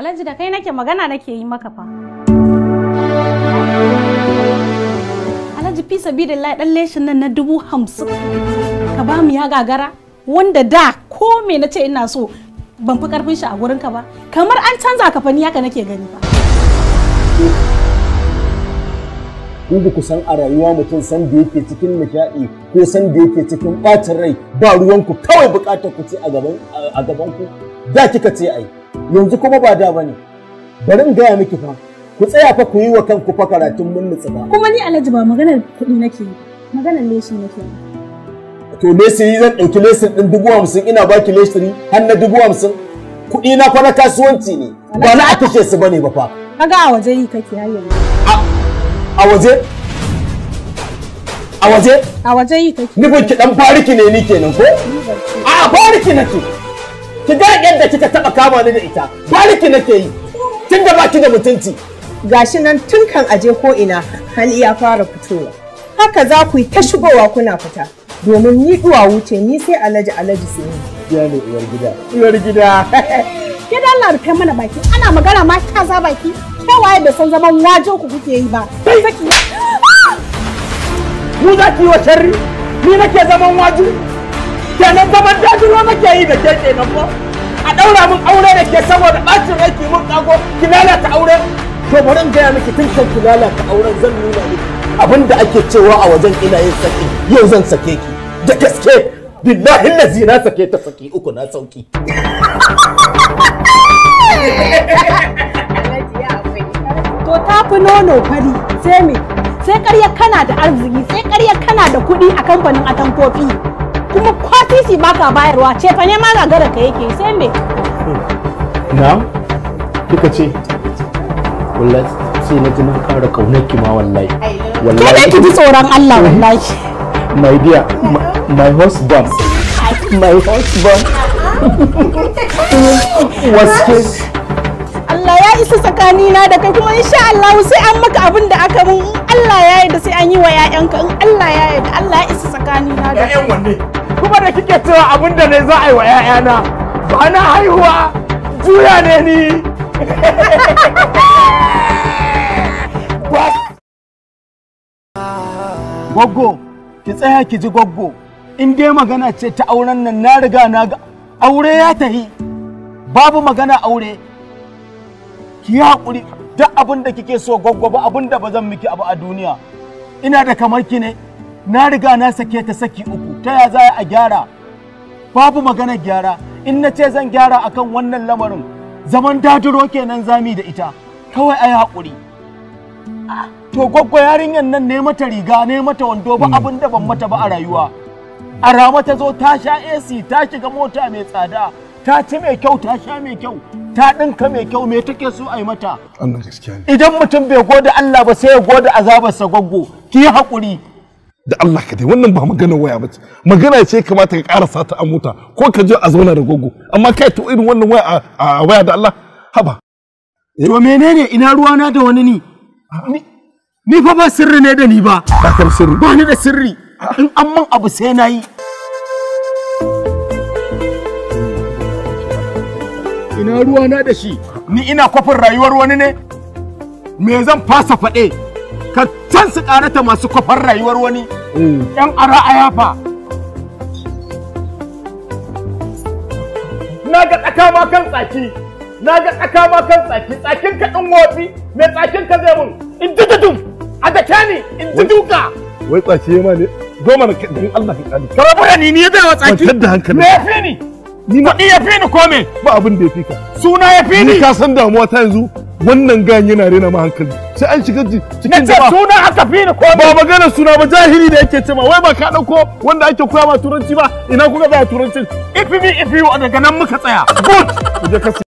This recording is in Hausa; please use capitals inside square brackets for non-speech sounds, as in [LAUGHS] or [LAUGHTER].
Alhaji da kai nake magana nake yi maka fa. Alhaji fi sabidillahi dan leshin nan na dubu hamsin ka ba mu ya gagara wanda da ko me na ce ina so ban fi karfin shi a gurin ka ba kamar an canza ka fani haka nake gani fa. Ku ku san a rayuwa mutum san da yake cikin nishaɗi ko san da yake cikin ɓacin rai ba ruwanku kawai buƙatar ku ce a gaban ku da kika ce ai. yanzu kuma ba da bane bari in gaya miki fa ku tsaya fa ku yi wa kanku fa karatun mun nutsu ba kuma ni alhaji ba maganar kuɗi nake yi maganar leshi nake to lesiri zan ɗauki lesin ɗin dubu hamsin ina baki lesiri har na dubu hamsin kuɗi na fa na kasuwanci ne ba na a kashe su bane ba fa kaga a waje yi kake har yanzu a waje a waje a waje yi kake nufin ki dan fariki ne ni kenan ko a fariki nake ki ga yadda kika taba kama ni da ita baliki nake yi tun da baki da mutunci gashi nan tun kan aje ko ina hali ya fara fitowa haka za ku yi ta shigowa kuna fita domin ni duwa wuce ni sai alaji alaji su yi ya ne uwar gida uwar gida [LAUGHS] ke dan Allah rufe mana baki ana magana ma ka za baki waye da san zaman wajen ku kuke yi ba mu za ki yi wa sharri ni nake zaman wajen? kenan zaman dajiro nake yi da ke kenan ko a daura mun aure da ke saboda bacin rai ki mun kago ki lalata aure to bari in gaya miki tun kan ki lalata auren zan nuna miki abin da ake cewa a wajen ina yin yau zan sake ki da gaske billahi lazi na sake ta saki uku na sauki to ta fi nono fari sai me sai karya kana da arziki sai karya kana da kuɗi a kamfanin atamfofi kuma kwatisi baka bayarwa ce fa ne ma ka yake sai me na kika ce wallahi sai na ji na kara kaunar ki ma wallahi wallahi ki ji tsoron Allah wallahi [LAUGHS] my dear my husband my husband was [LAUGHS] [LAUGHS] Allah ya isa tsakanina da kai kuma insha Allah sai an maka abin da aka mun in Allah ya yarda sai an yi wa ƴaƴanka in Allah ya yarda Allah ya isa tsakanina da kai. wanne? Kuma da kike cewa abin da ne za a yi wa ƴaƴana ba na haihuwa juya ne ni. Gwaggo, [LAUGHS] ki tsaya ki ji gwaggo. In dai magana ce ta auren nan na riga na ga aure ya tahi. Babu magana aure, ki yi haƙuri duk abin da kike so gwaggwaba abin da ba zan miki abu a duniya ina da kamar ki ne na riga na sake ta saki uku ta ya za a gyara babu magana gyara in na ce zan gyara akan wannan lamarin zaman dadiro kenan zami da ita kawai a yi haƙuri to gwaggwa yarinyar nan ne mata riga ne mata wando ba hmm. abin da ban mata ba a rayuwa a rama ta zo ta sha ac ta shiga mota mai tsada ta ci mai kyau ta sha mai kyau ta ɗinka mai kyau me take so a yi mata Allah gaskiya ne idan mutum bai gode Allah ba sai ya gode azabarsa gwaggo ki haƙuri da Allah ka dai wannan ba magana waya ba ce magana ce kamata ka karasa ta a mota ko ka je a zauna da gwaggo amma kai to irin wannan waya a waya da Allah haba eh. to menene ina ruwana da wani ni ni fa ba sirri ne da ni ba ba sirri ba ni da sirri in amman abu sai nayi ina ruwa na da shi ni ina kwafin rayuwar wani ne me zan fasa faɗe ka can su ƙarata masu kwafar rayuwar wani ɗan ara a yafa na ga tsaka ma kan tsaki na ga tsaka ma kan tsaki tsakin ka ɗin wofi me tsakin ka zai mun in ji dudum a da ni in ji duka wai tsaki ma ne zo mana in Allah ka ƙani ka rabu da ni ni ya zai wa tsaki me ya fi ni kuɗi ya fi ni kome ba abin da ya fi ka suna ya fi ni ka san damuwa ta yanzu wannan gayan yana rena ma hankali sai an shiga cikin jama'a suna aka fi ni kome ba magana suna ba jahili da yake ma wai ba ka dauko wanda ake koya ma turanci ba ina kuka za turanci if me if you daga nan muka tsaya good